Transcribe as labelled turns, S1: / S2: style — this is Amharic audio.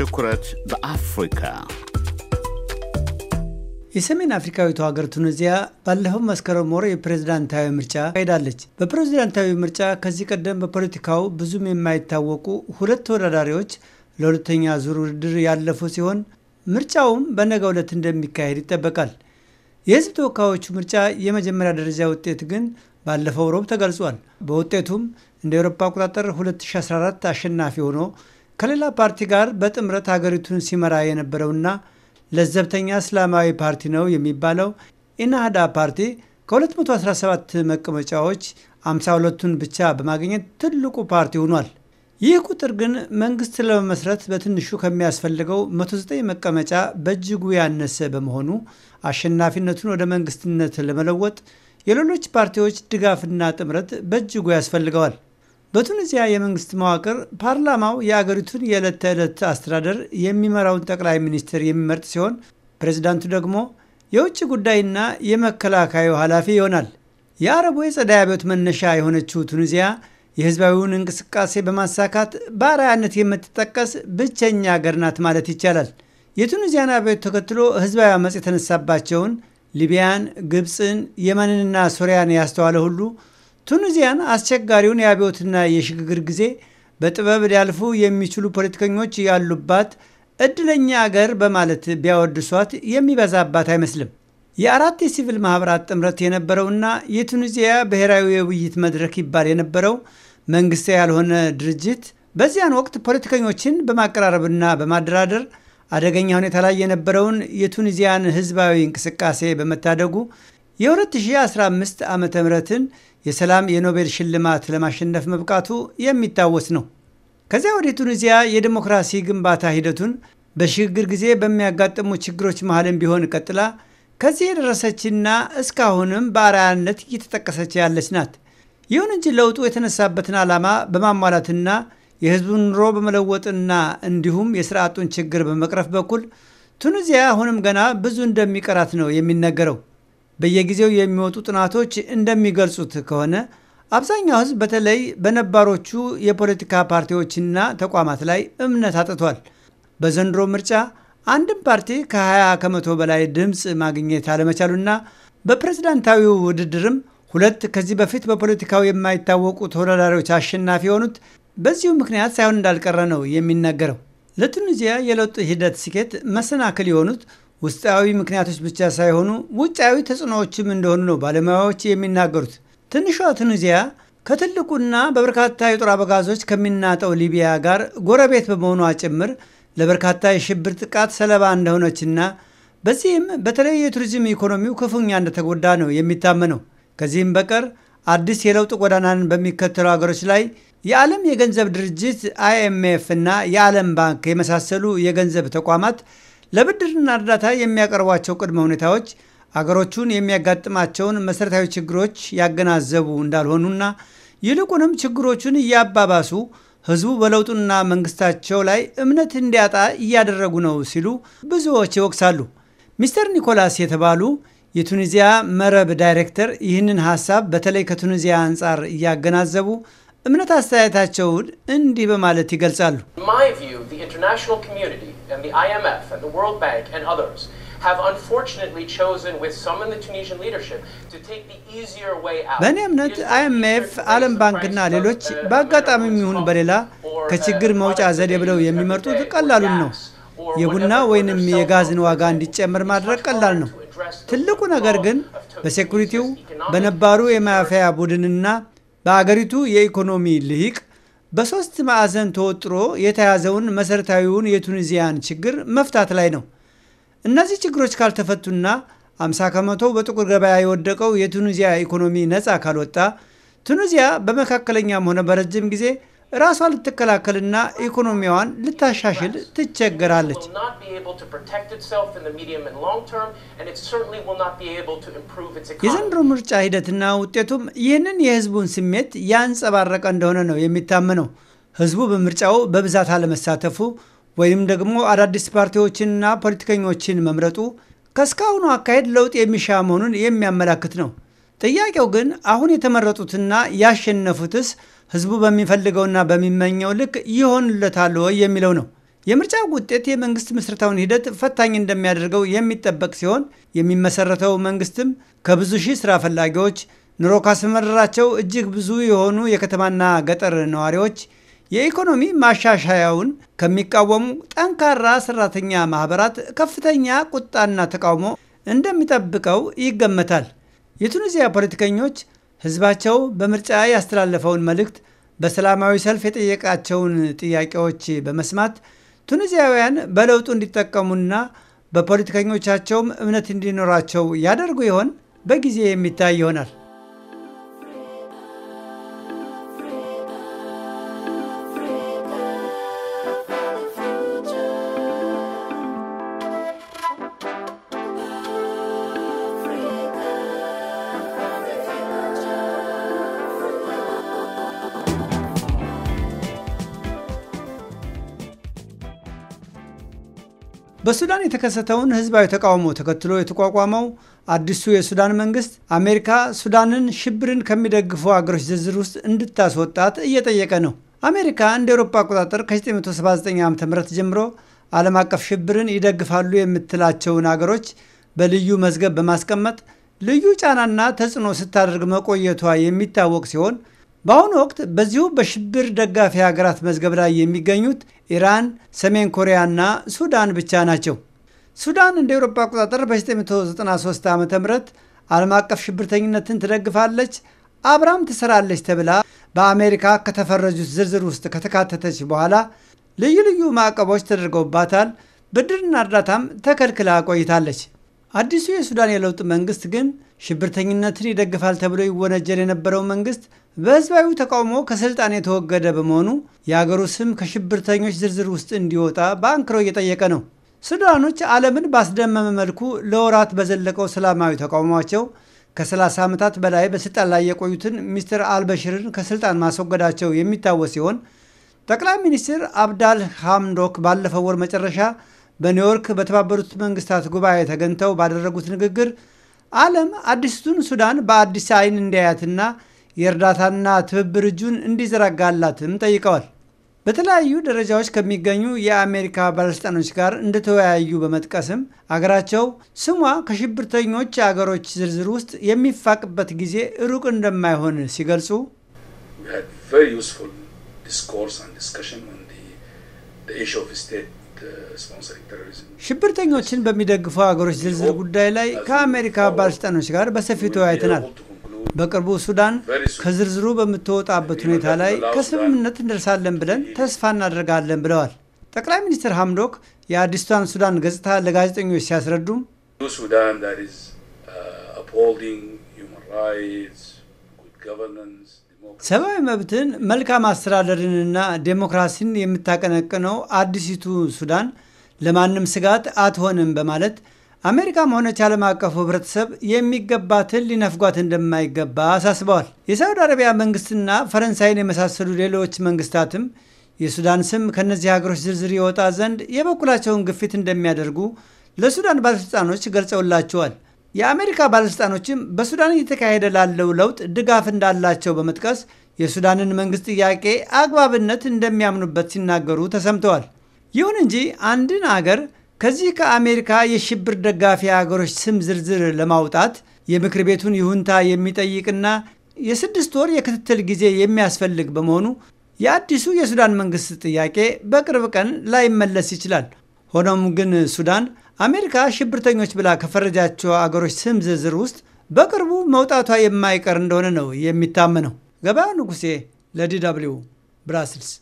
S1: ትኩረት በአፍሪካ የሰሜን አፍሪካዊቱ ሀገር ቱኒዚያ ባለፈው መስከረም ወር የፕሬዝዳንታዊ ምርጫ ካሄዳለች። በፕሬዝዳንታዊ ምርጫ ከዚህ ቀደም በፖለቲካው ብዙም የማይታወቁ ሁለት ተወዳዳሪዎች ለሁለተኛ ዙር ውድድር ያለፉ ሲሆን ምርጫውም በነገ ዕለት እንደሚካሄድ ይጠበቃል። የህዝብ ተወካዮቹ ምርጫ የመጀመሪያ ደረጃ ውጤት ግን ባለፈው ሮብ ተገልጿል። በውጤቱም እንደ ኤሮፓ አቆጣጠር 2014 አሸናፊ ሆኖ ከሌላ ፓርቲ ጋር በጥምረት ሀገሪቱን ሲመራ የነበረውና ለዘብተኛ እስላማዊ ፓርቲ ነው የሚባለው ኢናህዳ ፓርቲ ከ217 መቀመጫዎች 52ቱን ብቻ በማግኘት ትልቁ ፓርቲ ሆኗል። ይህ ቁጥር ግን መንግስት ለመመስረት በትንሹ ከሚያስፈልገው 109 መቀመጫ በእጅጉ ያነሰ በመሆኑ አሸናፊነቱን ወደ መንግስትነት ለመለወጥ የሌሎች ፓርቲዎች ድጋፍና ጥምረት በእጅጉ ያስፈልገዋል። በቱኒዚያ የመንግስት መዋቅር ፓርላማው የአገሪቱን የዕለት ተዕለት አስተዳደር የሚመራውን ጠቅላይ ሚኒስትር የሚመርጥ ሲሆን ፕሬዚዳንቱ ደግሞ የውጭ ጉዳይና የመከላከያው ኃላፊ ይሆናል። የአረቡ የጸደይ አብዮት መነሻ የሆነችው ቱኒዚያ የህዝባዊውን እንቅስቃሴ በማሳካት በአርአያነት የምትጠቀስ ብቸኛ አገር ናት ማለት ይቻላል። የቱኒዚያን አብዮት ተከትሎ ህዝባዊ አመፅ የተነሳባቸውን ሊቢያን፣ ግብፅን፣ የመንንና ሱሪያን ያስተዋለ ሁሉ ቱኒዚያን አስቸጋሪውን የአብዮትና የሽግግር ጊዜ በጥበብ ሊያልፉ የሚችሉ ፖለቲከኞች ያሉባት እድለኛ አገር በማለት ቢያወድሷት የሚበዛባት አይመስልም። የአራት የሲቪል ማህበራት ጥምረት የነበረውና የቱኒዚያ ብሔራዊ የውይይት መድረክ ይባል የነበረው መንግስታዊ ያልሆነ ድርጅት በዚያን ወቅት ፖለቲከኞችን በማቀራረብና በማደራደር አደገኛ ሁኔታ ላይ የነበረውን የቱኒዚያን ህዝባዊ እንቅስቃሴ በመታደጉ የ2015 ዓ ምትን የሰላም የኖቤል ሽልማት ለማሸነፍ መብቃቱ የሚታወስ ነው። ከዚያ ወደ ቱኒዚያ የዲሞክራሲ ግንባታ ሂደቱን በሽግግር ጊዜ በሚያጋጥሙ ችግሮች መሃልም ቢሆን ቀጥላ ከዚህ የደረሰችና እስካሁንም በአርአያነት እየተጠቀሰች ያለች ናት። ይሁን እንጂ ለውጡ የተነሳበትን ዓላማ በማሟላትና የህዝቡን ኑሮ በመለወጥና እንዲሁም የስርዓቱን ችግር በመቅረፍ በኩል ቱኒዚያ አሁንም ገና ብዙ እንደሚቀራት ነው የሚነገረው። በየጊዜው የሚወጡ ጥናቶች እንደሚገልጹት ከሆነ አብዛኛው ህዝብ በተለይ በነባሮቹ የፖለቲካ ፓርቲዎችና ተቋማት ላይ እምነት አጥቷል። በዘንድሮ ምርጫ አንድም ፓርቲ ከ20 ከመቶ በላይ ድምፅ ማግኘት አለመቻሉና በፕሬዝዳንታዊው ውድድርም ሁለት ከዚህ በፊት በፖለቲካው የማይታወቁ ተወዳዳሪዎች አሸናፊ የሆኑት በዚሁ ምክንያት ሳይሆን እንዳልቀረ ነው የሚነገረው። ለቱኒዚያ የለውጥ ሂደት ስኬት መሰናክል የሆኑት ውስጣዊ ምክንያቶች ብቻ ሳይሆኑ ውጫዊ ተጽዕኖዎችም እንደሆኑ ነው ባለሙያዎች የሚናገሩት። ትንሿ ቱኒዚያ ከትልቁና በበርካታ የጦር አበጋዞች ከሚናጠው ሊቢያ ጋር ጎረቤት በመሆኗ ጭምር ለበርካታ የሽብር ጥቃት ሰለባ እንደሆነችና በዚህም በተለይ የቱሪዝም ኢኮኖሚው ክፉኛ እንደተጎዳ ነው የሚታመነው። ከዚህም በቀር አዲስ የለውጥ ጎዳናን በሚከተሉ ሀገሮች ላይ የዓለም የገንዘብ ድርጅት አይኤምኤፍ እና የዓለም ባንክ የመሳሰሉ የገንዘብ ተቋማት ለብድርና እርዳታ የሚያቀርቧቸው ቅድመ ሁኔታዎች አገሮቹን የሚያጋጥማቸውን መሠረታዊ ችግሮች ያገናዘቡ እንዳልሆኑና ይልቁንም ችግሮቹን እያባባሱ ሕዝቡ በለውጡና መንግስታቸው ላይ እምነት እንዲያጣ እያደረጉ ነው ሲሉ ብዙዎች ይወቅሳሉ። ሚስተር ኒኮላስ የተባሉ የቱኒዚያ መረብ ዳይሬክተር ይህንን ሀሳብ በተለይ ከቱኒዚያ አንጻር እያገናዘቡ እምነት አስተያየታቸውን እንዲህ በማለት ይገልጻሉ። and the IMF and the World Bank and others have unfortunately chosen with some in the Tunisian leadership to take the easier way out. በእኔ እምነት አይኤምኤፍ፣ ዓለም ባንክና ሌሎች uh, በአጋጣሚ ይሁን በሌላ uh, ከችግር መውጫ ዘዴ ብለው የሚመርጡት ቀላሉን ነው። የቡና ወይንም የጋዝን ዋጋ እንዲጨምር ማድረግ ቀላል ነው። ትልቁ ነገር ግን በሴኩሪቲው፣ በነባሩ የማፊያ ቡድንና በአገሪቱ የኢኮኖሚ ልሂቅ በሦስት ማዕዘን ተወጥሮ የተያዘውን መሠረታዊውን የቱኒዚያን ችግር መፍታት ላይ ነው። እነዚህ ችግሮች ካልተፈቱና 50 ከመቶ በጥቁር ገበያ የወደቀው የቱኒዚያ ኢኮኖሚ ነፃ ካልወጣ ቱኒዚያ በመካከለኛም ሆነ በረጅም ጊዜ ራሷ ልትከላከልና ኢኮኖሚዋን ልታሻሽል ትቸገራለች። የዘንድሮ ምርጫ ሂደትና ውጤቱም ይህንን የህዝቡን ስሜት ያንጸባረቀ እንደሆነ ነው የሚታመነው። ህዝቡ በምርጫው በብዛት አለመሳተፉ ወይም ደግሞ አዳዲስ ፓርቲዎችንና ፖለቲከኞችን መምረጡ ከእስካሁኑ አካሄድ ለውጥ የሚሻ መሆኑን የሚያመላክት ነው። ጥያቄው ግን አሁን የተመረጡትና ያሸነፉትስ ህዝቡ በሚፈልገውና በሚመኘው ልክ ይሆንለታል ወይ የሚለው ነው። የምርጫ ውጤት የመንግስት ምስረታውን ሂደት ፈታኝ እንደሚያደርገው የሚጠበቅ ሲሆን የሚመሰረተው መንግስትም ከብዙ ሺህ ስራ ፈላጊዎች ኑሮ ካስመረራቸው እጅግ ብዙ የሆኑ የከተማና ገጠር ነዋሪዎች የኢኮኖሚ ማሻሻያውን ከሚቃወሙ ጠንካራ ሰራተኛ ማህበራት ከፍተኛ ቁጣና ተቃውሞ እንደሚጠብቀው ይገመታል። የቱኒዚያ ፖለቲከኞች ህዝባቸው በምርጫ ያስተላለፈውን መልእክት በሰላማዊ ሰልፍ የጠየቃቸውን ጥያቄዎች በመስማት ቱኒዚያውያን በለውጡ እንዲጠቀሙና በፖለቲከኞቻቸውም እምነት እንዲኖራቸው ያደርጉ ይሆን? በጊዜ የሚታይ ይሆናል። በሱዳን የተከሰተውን ህዝባዊ ተቃውሞ ተከትሎ የተቋቋመው አዲሱ የሱዳን መንግስት አሜሪካ ሱዳንን ሽብርን ከሚደግፉ አገሮች ዝርዝር ውስጥ እንድታስወጣት እየጠየቀ ነው። አሜሪካ እንደ ኤሮፓ አቆጣጠር ከ1979 ዓ.ም ጀምሮ ዓለም አቀፍ ሽብርን ይደግፋሉ የምትላቸውን አገሮች በልዩ መዝገብ በማስቀመጥ ልዩ ጫናና ተጽዕኖ ስታደርግ መቆየቷ የሚታወቅ ሲሆን በአሁኑ ወቅት በዚሁ በሽብር ደጋፊ ሀገራት መዝገብ ላይ የሚገኙት ኢራን፣ ሰሜን ኮሪያና ሱዳን ብቻ ናቸው። ሱዳን እንደ ኤሮፓ አቆጣጠር በ993 ዓ ም ዓለም አቀፍ ሽብርተኝነትን ትደግፋለች፣ አብራም ትሰራለች ተብላ በአሜሪካ ከተፈረጁት ዝርዝር ውስጥ ከተካተተች በኋላ ልዩ ልዩ ማዕቀቦች ተደርገውባታል። ብድርና እርዳታም ተከልክላ ቆይታለች። አዲሱ የሱዳን የለውጥ መንግስት ግን ሽብርተኝነትን ይደግፋል ተብሎ ይወነጀል የነበረው መንግስት በህዝባዊ ተቃውሞ ከስልጣን የተወገደ በመሆኑ የአገሩ ስም ከሽብርተኞች ዝርዝር ውስጥ እንዲወጣ በአንክሮ እየጠየቀ ነው። ሱዳኖች ዓለምን ባስደመመ መልኩ ለወራት በዘለቀው ሰላማዊ ተቃውሟቸው ከ30 ዓመታት በላይ በስልጣን ላይ የቆዩትን ሚስተር አልበሽርን ከስልጣን ማስወገዳቸው የሚታወስ ሲሆን ጠቅላይ ሚኒስትር አብዳል ሐምዶክ ባለፈው ወር መጨረሻ በኒውዮርክ በተባበሩት መንግስታት ጉባኤ ተገኝተው ባደረጉት ንግግር ዓለም አዲስቱን ሱዳን በአዲስ አይን እንዲያያትና የእርዳታና ትብብር እጁን እንዲዘረጋላትም ጠይቀዋል። በተለያዩ ደረጃዎች ከሚገኙ የአሜሪካ ባለሥልጣኖች ጋር እንደተወያዩ በመጥቀስም አገራቸው ስሟ ከሽብርተኞች አገሮች ዝርዝር ውስጥ የሚፋቅበት ጊዜ ሩቅ እንደማይሆን ሲገልጹ ሪ ሽብርተኞችን በሚደግፉ ሀገሮች ዝርዝር ጉዳይ ላይ ከአሜሪካ ባለስልጣኖች ጋር በሰፊው ተወያይተናል። በቅርቡ ሱዳን ከዝርዝሩ በምትወጣበት ሁኔታ ላይ ከስምምነት እንደርሳለን ብለን ተስፋ እናደርጋለን ብለዋል። ጠቅላይ ሚኒስትር ሐምዶክ የአዲስቷን ሱዳን ገጽታ ለጋዜጠኞች ሲያስረዱም ሱዳን ሰብአዊ መብትን መልካም አስተዳደርንና ዴሞክራሲን የምታቀነቅነው አዲሲቱ ሱዳን ለማንም ስጋት አትሆንም በማለት አሜሪካም ሆነች ዓለም አቀፉ ህብረተሰብ የሚገባትን ሊነፍጓት እንደማይገባ አሳስበዋል። የሳውዲ አረቢያ መንግስትና ፈረንሳይን የመሳሰሉ ሌሎች መንግስታትም የሱዳን ስም ከእነዚህ ሀገሮች ዝርዝር ይወጣ ዘንድ የበኩላቸውን ግፊት እንደሚያደርጉ ለሱዳን ባለሥልጣኖች ገልጸውላቸዋል። የአሜሪካ ባለሥልጣኖችም በሱዳን እየተካሄደ ላለው ለውጥ ድጋፍ እንዳላቸው በመጥቀስ የሱዳንን መንግሥት ጥያቄ አግባብነት እንደሚያምኑበት ሲናገሩ ተሰምተዋል። ይሁን እንጂ አንድን አገር ከዚህ ከአሜሪካ የሽብር ደጋፊ አገሮች ስም ዝርዝር ለማውጣት የምክር ቤቱን ይሁንታ የሚጠይቅና የስድስት ወር የክትትል ጊዜ የሚያስፈልግ በመሆኑ የአዲሱ የሱዳን መንግሥት ጥያቄ በቅርብ ቀን ላይመለስ ይችላል። ሆኖም ግን ሱዳን አሜሪካ ሽብርተኞች ብላ ከፈረጃቸው አገሮች ስም ዝርዝር ውስጥ በቅርቡ መውጣቷ የማይቀር እንደሆነ ነው የሚታመነው። ገበያው ንጉሴ ለዲ ደብልዩ ብራስልስ